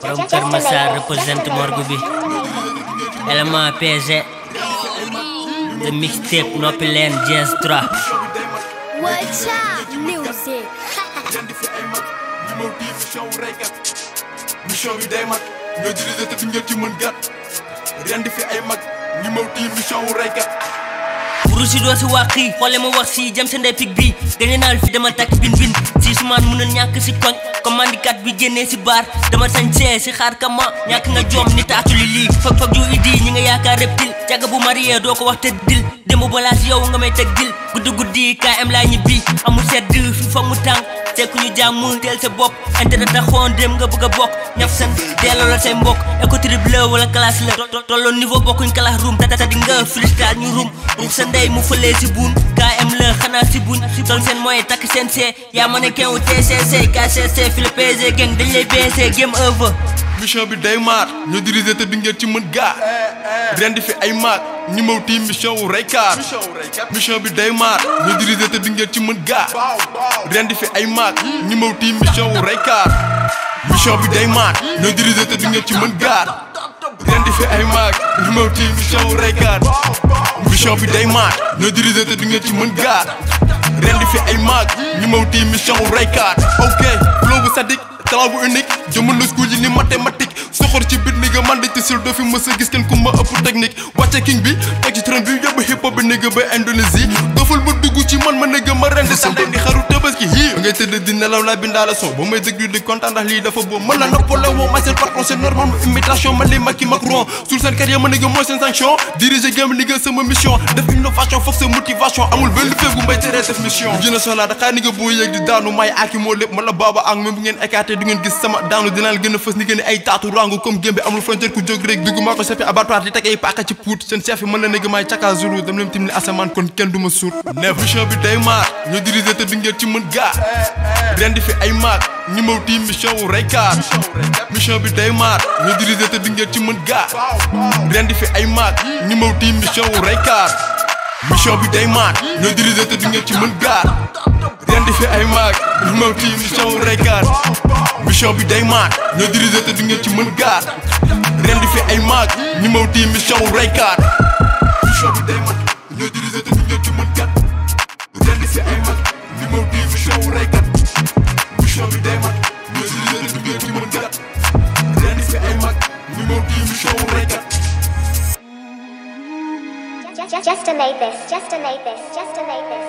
Vamos começar represento Morgubi. Ela é uma PG. The mixtape no Plan Jazz Drop. What's up, music? mission yu day mag ñoo jëlee te fi ngeen ci mën gàtt ren di fi ay Rougidois si waa xii xoole mo wax si jam seen day pig bi gañe na fi dama tak bin bin si suman mënul ñàkk si koñ kat bi génnee si bar dama sañ see si xaar ka ma nga jom ni taatu li fag fag ju idi ñi nga reptil jaga bu marié do ko wax te dil démb balaas yow nga may Gudu dil guddi KM laa bi amul sedd fi fa mu jàmmul teel sa bopp intérêt taxoon dem nga bëgg a bokk ñaf san delloo la say mbokk écotrib la e wala classe la tolloo niveau bokkuñ classe room tata di nga freestyle ñu room pour sa ndey mu fëlee si buun KM la xanaa si buñ sol seen mooy takk seen see yaa ma ne kenn wu TCC KCC fi la PG gang dañ lay BC game over mission bi day maar ñu diriger te di ci mën gaar eh, eh. rendi fi ay maar ñi mëw tim mission wu raykaar mission bi day maar ñu dirigé te di ngeen ci mën ga rendi fi ay maak ñi mëw tim mission wu mission bi day maar ñu dirigé te di ngeen ci mën ga rendi fi ay maak ñi mëw tim mission wu mission bi day maar ñu dirigé te di ngeen ci mën ga rendi fi ay maak ñi mëw tim mission wu ok flow bu sadik talent bu unique jëmmal na school yi ni mathématique soxor ci bit ni nga man di ci sul do fi mësa gis kenn ku ma ëpp technique wàcce king bi teg ci bi yóbbu hip hop bi nigga ba Indonésie doful bu dugg ci man ma nigga ma rendi sa di xaru ngay tëdd di nelaw la bindaala son may déglu di kontaan ndax lii dafa boobu mën la noppaloo woo ma seen patron c'est normal ma imitation ma la baaba gën a fës ni gën ay taatu rangu comme gémbe amul frontière ku jóg rek dugg maa ko seppi abattoir di teg ay paaka ci puut seen chef yi mën la negi maay caka zulu dam leen tim ni asamaan kon kenn du suur neef mission bi day maar ñoo diriger te di ngeen ci mën gaa ren di fi ay maat ñi maw tiim mission wu reykaar mission bi day maat ñu diriger te di ci mën gaar ren di fi ay maat ñi maw tiim mission wu reykaar mission bi day maat ñoo diriger te ci mën gaar ren di ay maat ñi maw tiim mission wu bi day maat ñoo diriger te di ngeen ci mën gaar ren di fi ay maat ñi maw tiim mission wu reykaar mission Just donate this, just donate this, just donate this.